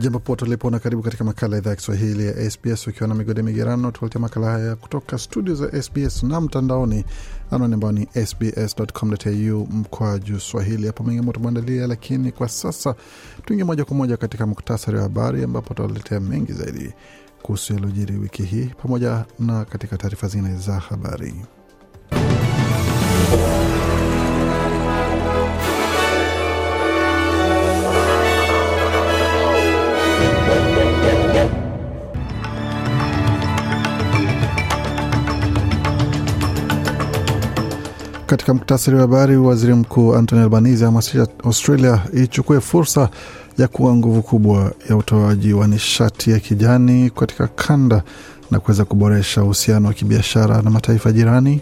Jambo pote ulipo na karibu katika makala ya idhaa ya Kiswahili ya SBS ukiwa na migode migerano, tukuletea makala haya kutoka studio za SBS na mtandaoni, anwani ambao ni sbs.com.au mkwaju swahili. Hapo mengi ambao tumeandalia, lakini kwa sasa tuingie moja kwa moja katika muktasari wa habari, ambapo tutaletea mengi zaidi kuhusu yaliyojiri wiki hii pamoja na katika taarifa zingine za habari. Katika muktasari wa habari, waziri mkuu Anthony Albanese ahamasisha Australia ichukue fursa ya kuwa nguvu kubwa ya utoaji wa nishati ya kijani katika kanda na kuweza kuboresha uhusiano wa kibiashara na mataifa jirani.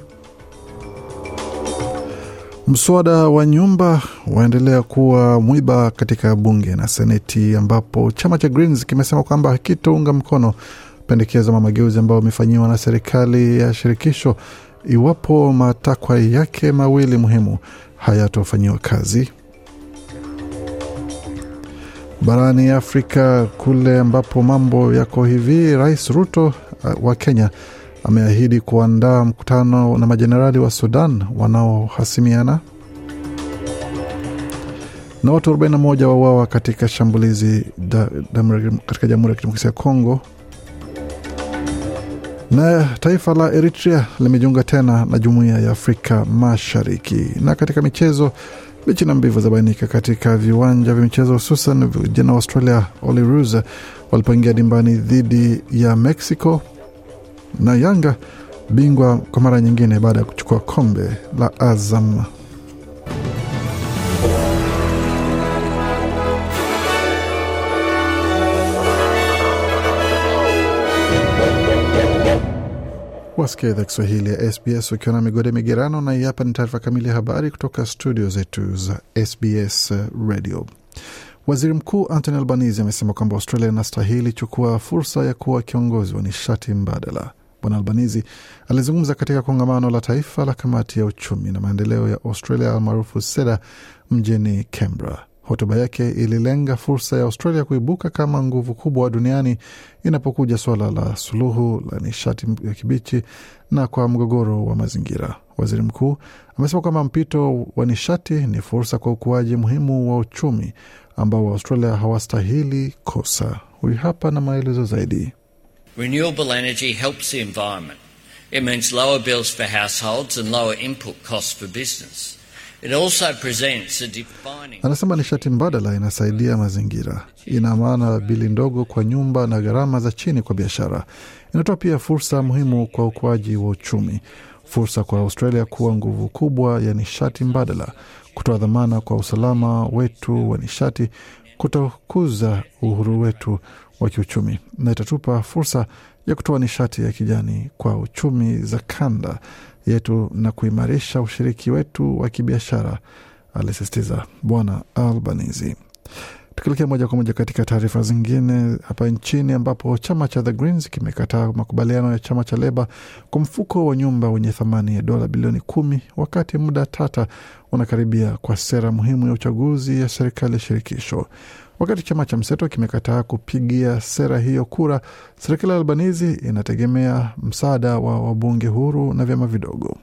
Mswada wa nyumba waendelea kuwa mwiba katika bunge na seneti, ambapo chama cha Greens kimesema kwamba hakitounga mkono pendekezo ama mageuzi ambayo amefanyiwa na serikali ya shirikisho iwapo matakwa yake mawili muhimu hayatofanyiwa kazi. Barani Afrika kule ambapo mambo yako hivi, Rais Ruto uh, wa Kenya ameahidi kuandaa mkutano na majenerali wa Sudan wanaohasimiana. Na watu 41 wauawa katika shambulizi da, da, katika Jamhuri ya Kidemokrasia ya Kongo na taifa la Eritrea limejiunga tena na jumuiya ya Afrika Mashariki. Na katika michezo, mechi na mbivu zabainika katika viwanja vya michezo, hususan vijana wa Australia Ole walipoingia dimbani dhidi ya Mexico, na Yanga bingwa kwa mara nyingine baada ya kuchukua kombe la Azam. Wasikia idhaa Kiswahili ya SBS ukiwa na migode migerano, na hii hapa ni taarifa kamili ya habari kutoka studio zetu za SBS Radio. Waziri Mkuu Anthony Albanese amesema kwamba Australia inastahili chukua fursa ya kuwa kiongozi wa nishati mbadala. Bwana Albanese alizungumza katika kongamano la taifa la kamati ya uchumi na maendeleo ya Australia almaarufu SEDA mjini Canberra. Hotuba yake ililenga fursa ya Australia kuibuka kama nguvu kubwa duniani inapokuja suala la suluhu la nishati ya kibichi na kwa mgogoro wa mazingira. Waziri mkuu amesema kwamba mpito wa nishati ni fursa kwa ukuaji muhimu wa uchumi ambao Waaustralia hawastahili kosa. Huyu hapa na maelezo zaidi. Renewable energy helps the environment. It means lower bills for households and lower input costs for business. Anasema nishati mbadala inasaidia mazingira, ina maana bili ndogo kwa nyumba na gharama za chini kwa biashara. Inatoa pia fursa muhimu kwa ukuaji wa uchumi, fursa kwa Australia kuwa nguvu kubwa ya nishati mbadala, kutoa dhamana kwa usalama wetu wa nishati, kutokuza uhuru wetu wa kiuchumi, na itatupa fursa ya kutoa nishati ya kijani kwa uchumi za kanda yetu na kuimarisha ushiriki wetu wa kibiashara, alisisitiza Bwana Albanese. Tukielekea moja kwa moja katika taarifa zingine hapa nchini, ambapo chama cha The Greens kimekataa makubaliano ya chama cha Leba kwa mfuko wa nyumba wenye thamani ya dola bilioni kumi wakati muda tata unakaribia kwa sera muhimu ya uchaguzi ya serikali ya shirikisho. Wakati chama cha mseto kimekataa kupigia sera hiyo kura, serikali ya Albanizi inategemea msaada wa wabunge huru na vyama vidogo.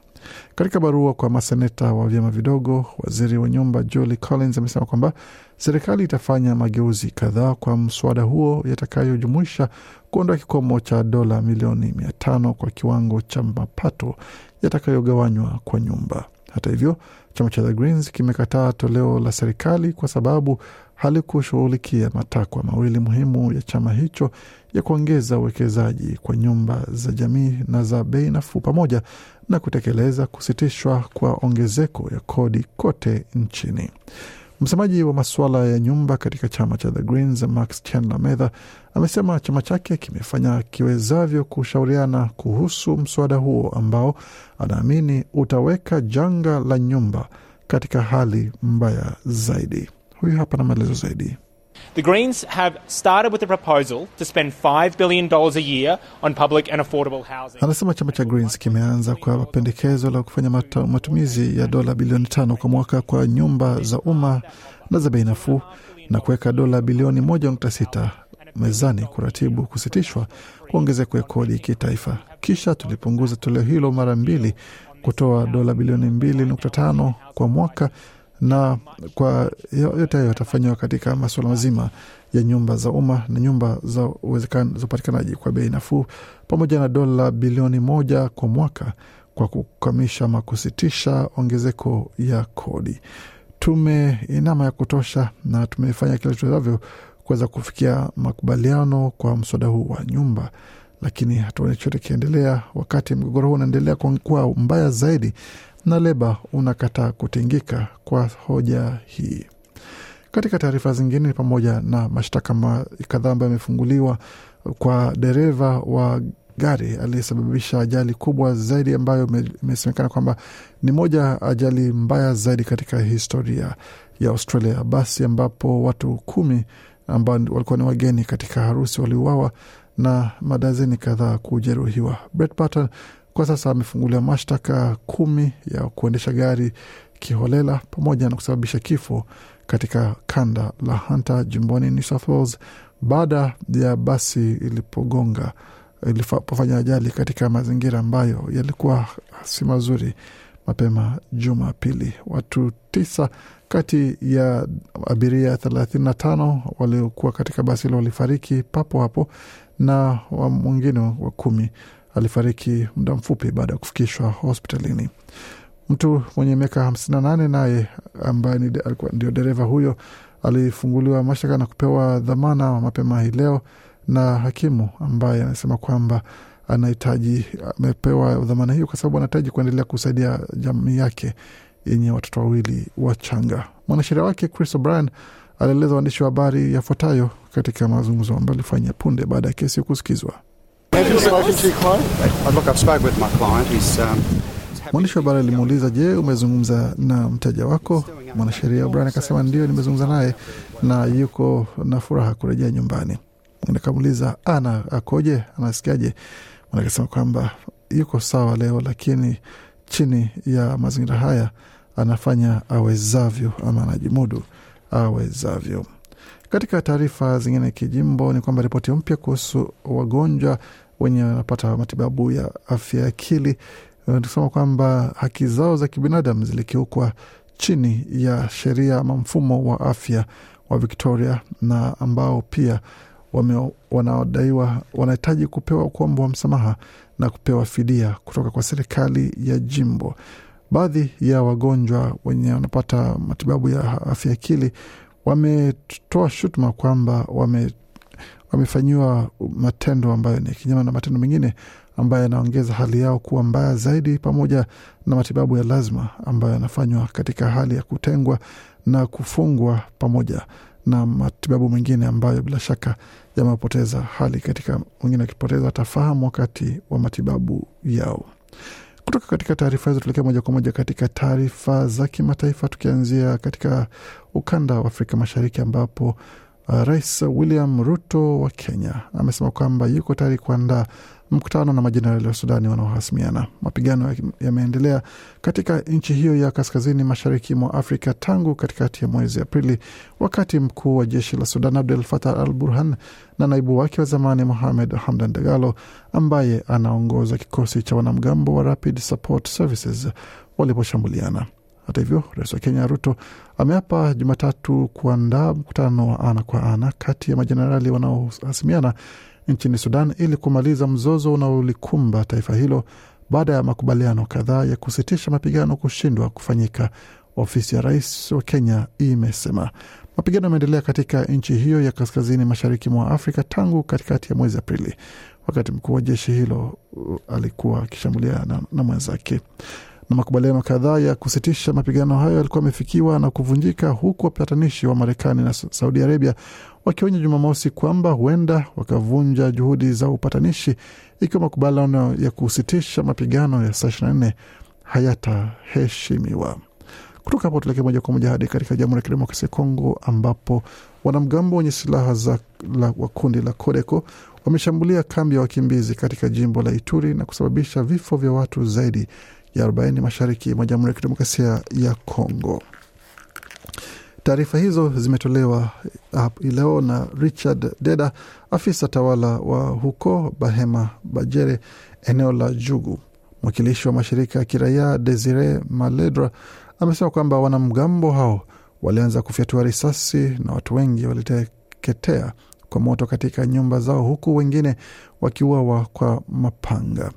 Katika barua kwa maseneta wa vyama vidogo, waziri wa nyumba Julie Collins amesema kwamba serikali itafanya mageuzi kadhaa kwa mswada huo yatakayojumuisha kuondoa kikomo cha dola milioni mia tano kwa kiwango cha mapato yatakayogawanywa kwa nyumba. Hata hivyo, chama cha The Greens kimekataa toleo la serikali kwa sababu halikushughulikia matakwa mawili muhimu ya chama hicho ya kuongeza uwekezaji kwa nyumba za jamii na za bei nafuu pamoja na kutekeleza kusitishwa kwa ongezeko ya kodi kote nchini. Msemaji wa masuala ya nyumba katika chama cha The Greens, Max Chandler amesema chama chake kimefanya kiwezavyo kushauriana kuhusu mswada huo ambao anaamini utaweka janga la nyumba katika hali mbaya zaidi. Huyu hapa na maelezo zaidi. The Greens have started with a proposal to spend $5 billion a year on public and affordable housing. Anasema chama cha Greens kimeanza kwa pendekezo la kufanya matumizi ya dola bilioni tano kwa mwaka kwa nyumba za umma na za bei nafuu na kuweka dola bilioni 1.6 mezani kuratibu kusitishwa kwa ongezeko ya kodi kitaifa. Kisha tulipunguza toleo hilo mara mbili kutoa dola bilioni 2.5 kwa mwaka na kwa yote hayo yatafanyiwa katika masuala mazima ya nyumba za umma na nyumba za upatikanaji kwa bei nafuu pamoja na dola bilioni moja kwa mwaka kwa kukamisha ama kusitisha ongezeko ya kodi. Tumeinama ya kutosha na tumefanya kile tuwezavyo kuweza kufikia makubaliano kwa mswada huu wa nyumba, lakini hatuoni chote kiendelea, wakati mgogoro huu unaendelea kuwa mbaya zaidi na Leba unakataa kutingika kwa hoja hii. Katika taarifa zingine ni pamoja na mashtaka kadhaa ambayo yamefunguliwa kwa dereva wa gari aliyesababisha ajali kubwa zaidi ambayo imesemekana kwamba ni moja ajali mbaya zaidi katika historia ya Australia. Basi ambapo watu kumi ambao walikuwa ni wageni katika harusi waliuawa na madazeni kadhaa kujeruhiwa. Brett kwa sasa amefungulia mashtaka kumi ya kuendesha gari kiholela pamoja na kusababisha kifo katika kanda la Hunter jimboni New South Wales baada ya basi ilipogonga ilipofanya ajali katika mazingira ambayo yalikuwa si mazuri mapema Jumapili. Watu tisa kati ya abiria tano waliokuwa katika basi hilo walifariki papo hapo na mwingine wa kumi alifariki muda mfupi baada ya kufikishwa hospitalini. Mtu mwenye miaka 58 naye ambaye ndio dereva huyo alifunguliwa mashtaka na kupewa dhamana mapema hii leo na hakimu ambaye anasema kwamba anahitaji amepewa dhamana hiyo kwa sababu anahitaji kuendelea kusaidia jamii yake yenye watoto wawili wachanga. Mwanasheria wake Chris O'Brien alieleza waandishi wa habari yafuatayo katika mazungumzo ambayo alifanya punde baada ya kesi kusikizwa. Mwandishi wa habari alimuuliza, je, umezungumza na mteja wako? Mwanasheria Brian akasema ndio, nimezungumza naye na yuko na furaha kurejea nyumbani. Nikamuuliza ana akoje, anasikiaje? Akasema kwamba yuko sawa leo, lakini chini ya mazingira haya anafanya awezavyo, ama anajimudu awezavyo. Katika taarifa zingine kijimbo ni kwamba ripoti mpya kuhusu wagonjwa wenye wanapata matibabu ya afya ya akili wanasema uh, kwamba haki zao za kibinadamu zilikiukwa chini ya sheria ama mfumo wa afya wa Victoria na ambao pia wanaodaiwa wanahitaji kupewa wa msamaha na kupewa fidia kutoka kwa serikali ya jimbo. Baadhi ya wagonjwa wenye wanapata matibabu ya afya akili wametoa shutuma kwamba wame wamefanyiwa matendo ambayo ni kinyama na matendo mengine ambayo yanaongeza hali yao kuwa mbaya zaidi, pamoja na matibabu ya lazima ambayo yanafanywa katika hali ya kutengwa na kufungwa, pamoja na matibabu mengine ambayo bila shaka yamepoteza hali katika wengine, wakipoteza tafahamu wakati wa matibabu yao. Kutoka katika taarifa hizo tuelekea moja kwa moja katika taarifa za kimataifa, tukianzia katika ukanda wa Afrika Mashariki ambapo Uh, Rais William Ruto wa Kenya amesema kwamba yuko tayari kuandaa mkutano na majenerali wa Sudani wanaohasimiana. Mapigano yameendelea katika nchi hiyo ya kaskazini mashariki mwa Afrika tangu katikati ya mwezi Aprili, wakati mkuu wa jeshi la Sudan abdul fatah al Burhan na naibu wake wa zamani Mohamed Hamdan Dagalo ambaye anaongoza kikosi cha wanamgambo wa Rapid Support Services waliposhambuliana. Hata hivyo, rais wa Kenya Ruto ameapa Jumatatu kuandaa mkutano wa ana kwa ana kati ya majenerali wanaohasimiana nchini Sudan ili kumaliza mzozo unaolikumba taifa hilo baada ya makubaliano kadhaa ya kusitisha mapigano kushindwa kufanyika. Ofisi ya rais wa Kenya imesema mapigano yameendelea katika nchi hiyo ya kaskazini mashariki mwa Afrika tangu katikati ya mwezi Aprili, wakati mkuu wa jeshi hilo uh, alikuwa akishambulia na, na mwenzake na makubaliano kadhaa ya kusitisha mapigano hayo yalikuwa yamefikiwa na kuvunjika, huku wapatanishi wa Marekani na Saudi Arabia wakionya Jumamosi kwamba huenda wakavunja juhudi za upatanishi ikiwa makubaliano ya kusitisha mapigano ya saa 24 hayataheshimiwa. Kutoka hapo tuelekee moja kwa moja hadi katika Jamhuri ya Kidemokrasia ya Kongo ambapo wanamgambo wenye silaha za la, wa kundi la Kodeko wameshambulia kambi ya wakimbizi katika jimbo la Ituri na kusababisha vifo vya watu zaidi ya 40 mashariki mwa Jamhuri ya Kidemokrasia ya Kongo. Taarifa hizo zimetolewa leo na Richard Deda, afisa tawala wa huko Bahema Bajere, eneo la Jugu. Mwakilishi wa mashirika ya kiraia Desire Maledra amesema kwamba wanamgambo hao walianza kufyatua risasi na watu wengi waliteketea kwa moto katika nyumba zao, huku wengine wakiuawa kwa mapanga.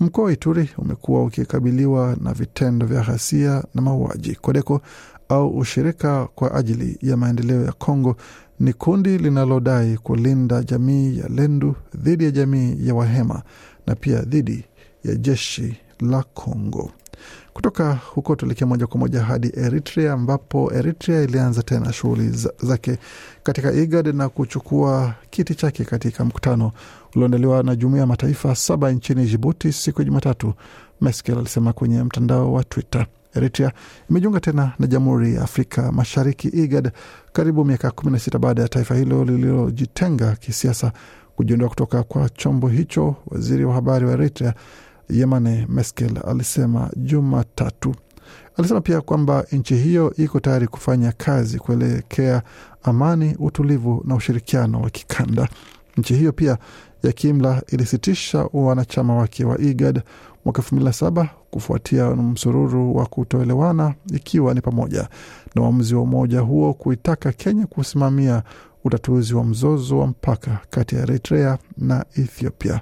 Mkoa wa Ituri umekuwa ukikabiliwa na vitendo vya ghasia na mauaji. Kodeko au ushirika kwa ajili ya maendeleo ya Kongo ni kundi linalodai kulinda jamii ya Lendu dhidi ya jamii ya Wahema na pia dhidi ya jeshi la Congo. Kutoka huko tuelekea moja kwa moja hadi Eritrea, ambapo Eritrea ilianza tena shughuli zake katika IGAD na kuchukua kiti chake katika mkutano ulioandaliwa na jumuiya ya mataifa saba nchini Jibuti siku ya Jumatatu, Meskel alisema kwenye mtandao wa Twitter. Eritrea imejiunga tena na Jamhuri ya Afrika Mashariki, IGAD, karibu miaka 16 baada ya taifa hilo lililojitenga kisiasa kujiondoa kutoka kwa chombo hicho. Waziri wa habari wa Eritrea Yemane Meskel alisema Jumatatu. Alisema pia kwamba nchi hiyo iko tayari kufanya kazi kuelekea amani, utulivu na ushirikiano wa kikanda. Nchi hiyo pia ya kiimla ilisitisha wanachama wake wa IGAD mwaka elfu mbili na saba kufuatia msururu wa kutoelewana, ikiwa ni pamoja na uamuzi wa umoja huo kuitaka Kenya kusimamia utatuzi wa mzozo wa mpaka kati ya Eritrea na Ethiopia.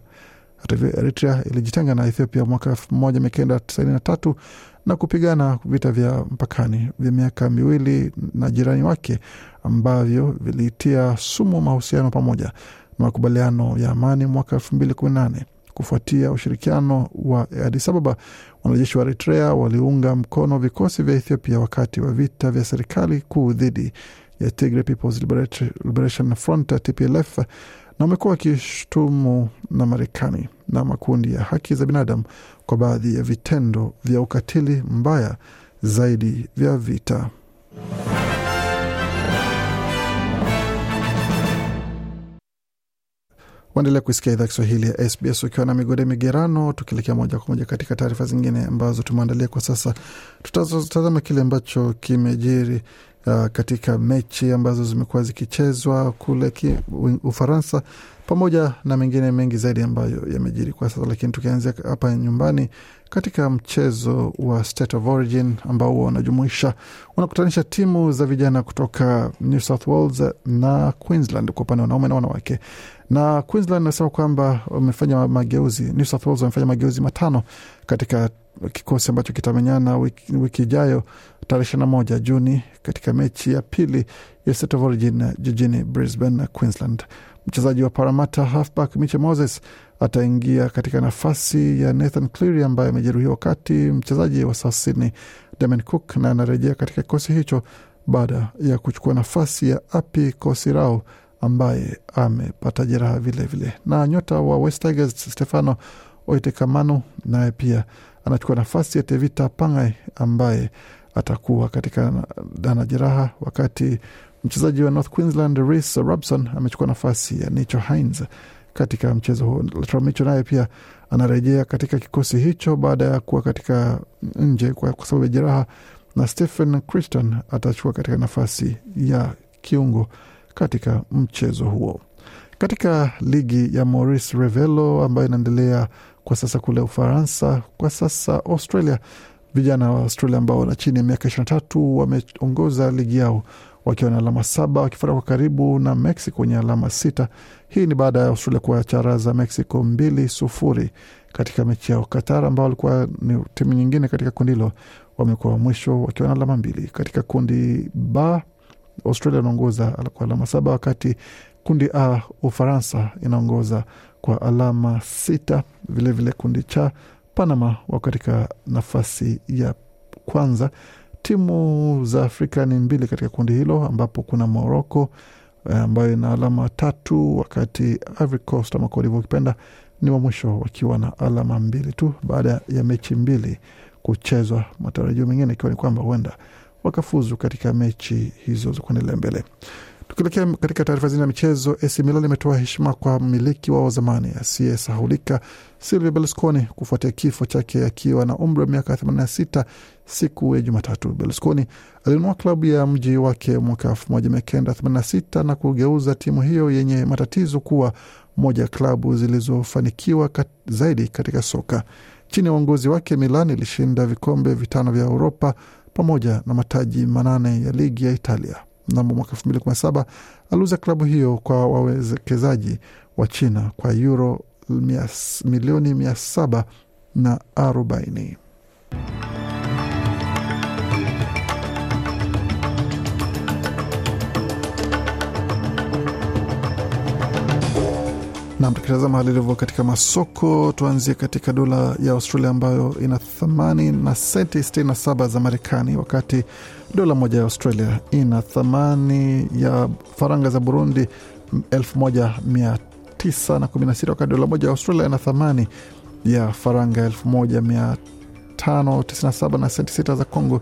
Hata Eritrea ilijitenga na Ethiopia mwaka tisaini na kupigana vita vya mpakani vya miaka miwili na jirani wake ambavyo vilitia sumu mahusiano pamoja na makubaliano ya amani mwaka nane Kufuatia ushirikiano wa Addis Ababa, wanajeshi wa Eritrea waliunga mkono vikosi vya Ethiopia wakati wa vita vya serikali kuu dhidi ya Tigray People's Liberation Front TPLF na wamekuwa wakishtumu na Marekani na makundi ya haki za binadamu kwa baadhi ya vitendo vya ukatili mbaya zaidi vya vita. Waendelea kuisikia idhaa Kiswahili ya SBS ukiwa na migode migerano, tukielekea moja kwa moja katika taarifa zingine ambazo tumeandalia kwa sasa. Tutatazama kile ambacho kimejiri uh, katika mechi ambazo zimekuwa zikichezwa kule ki, Ufaransa pamoja na mengine mengi zaidi ambayo yamejiri kwa sasa. Lakini tukianzia hapa nyumbani katika mchezo wa State of Origin ambao huwa unajumuisha unakutanisha timu za vijana kutoka New South Wales na Queensland kwa upande wa wanaume na wanawake. Na Queensland nasema kwamba wamefanya mageuzi, New South Wales wamefanya mageuzi matano katika kikosi ambacho kitamenyana wiki ijayo tarehe ishirini na moja Juni katika mechi ya pili ya State of Origin jijini Brisbane, Queensland. Mchezaji wa paramata halfback Mitchell Moses ataingia katika nafasi ya Nathan Cleary ambaye amejeruhiwa, wakati mchezaji wa South Sydney Damien Cook na anarejea katika kikosi hicho baada ya kuchukua nafasi ya Api Kosirau ambaye amepata jeraha vilevile. Na nyota wa West Tigers Stefano Oitekamanu naye pia anachukua nafasi ya Tevita Pangai ambaye atakuwa katika dana jeraha, wakati mchezaji wa North Queensland Reece Robson amechukua nafasi ya Nicho Hines katika mchezo huo. Latrell Mitchell naye pia anarejea katika kikosi hicho baada ya kuwa katika nje kwa sababu ya jeraha, na Stephen Criston atachukua katika nafasi ya kiungo katika mchezo huo. Katika ligi ya Maurice Revelo ambayo inaendelea kwa sasa kule Ufaransa, kwa sasa Australia. Vijana wa Australia ambao wana chini ya miaka tatu wameongoza ligi yao wakiwa na alama saba wakifuata kwa karibu na Mexico wenye alama sita. Hii ni baada ya Australia kuwacharaza Mexico mbili sufuri katika mechi yao. Qatar ambao walikuwa ni timu nyingine katika kundi hilo wamekuwa mwisho wakiwa na alama mbili. Katika kundi B Australia inaongoza kwa alama saba wakati kundi A Ufaransa inaongoza kwa alama sita. Vilevile vile kundi cha Panama wako katika nafasi ya kwanza. Timu za Afrika ni mbili katika kundi hilo, ambapo kuna Moroko eh, ambayo ina alama tatu, wakati Ivory Coast ama kwa ulivyokipenda ni wa mwisho wakiwa na alama mbili tu baada ya mechi mbili kuchezwa, matarajio mengine ikiwa ni kwamba huenda wakafuzu katika mechi hizo za kuendelea mbele. Tukielekea katika taarifa zingine ya michezo, AC Milan imetoa heshima kwa mmiliki wao zamani asiyesahulika Silvio Berlusconi kufuatia kifo chake akiwa na umri wa miaka 86 siku ya Jumatatu. Berlusconi alinunua klabu ya mji wake mwaka 1986 na kugeuza timu hiyo yenye matatizo kuwa moja ya klabu zilizofanikiwa kat zaidi katika soka. Chini ya uongozi wake, Milan ilishinda vikombe vitano vya Uropa pamoja na mataji manane ya ligi ya Italia mnamo mwaka elfu mbili kumi na saba aliuza klabu hiyo kwa wawekezaji wa China kwa euro milioni mia saba na arobaini. Nam, tukitazama hali ilivyo katika masoko, tuanzie katika dola ya Australia ambayo ina thamani na senti 67 za Marekani, wakati dola moja ya Australia ina thamani ya faranga za Burundi 1916 wakati dola moja ya Australia ina thamani ya faranga 1597 na senti 6 za Congo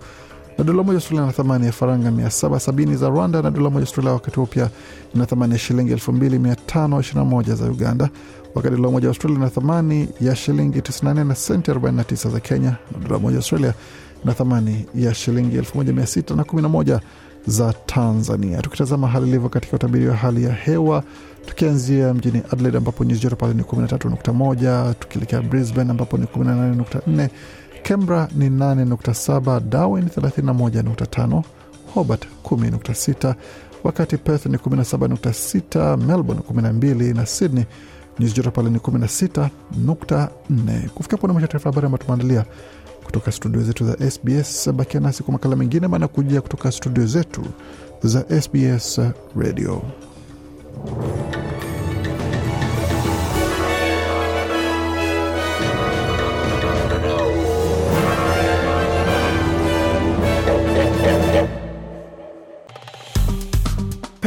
na dola moja Australia na thamani ya faranga 770 za Rwanda, na dola moja Australia wakati huo pia ina thamani ya shilingi 2521 za Uganda, wakati dola moja Australia na thamani ya shilingi 94 na senti 49 za Kenya, na dola moja Australia na thamani ya shilingi 1611 za Tanzania. Tukitazama hali ilivyo katika utabiri wa hali ya hewa, tukianzia mjini Adelaide ambapo nyuzi joto pale ni 13.1, tukielekea Brisbane ambapo ni 18.4 Canberra ni 8.7, Darwin 31.5, Hobart 10.6, wakati Perth ni 17.6, Melbourne 12 na Sydney nyuzi joto pale ni 16.4. Kufikia pone mwisho taarifa habari ambayo tumeandalia kutoka studio zetu za SBS. Bakia nasi kwa makala mengine maana kujia kutoka studio zetu za SBS Radio.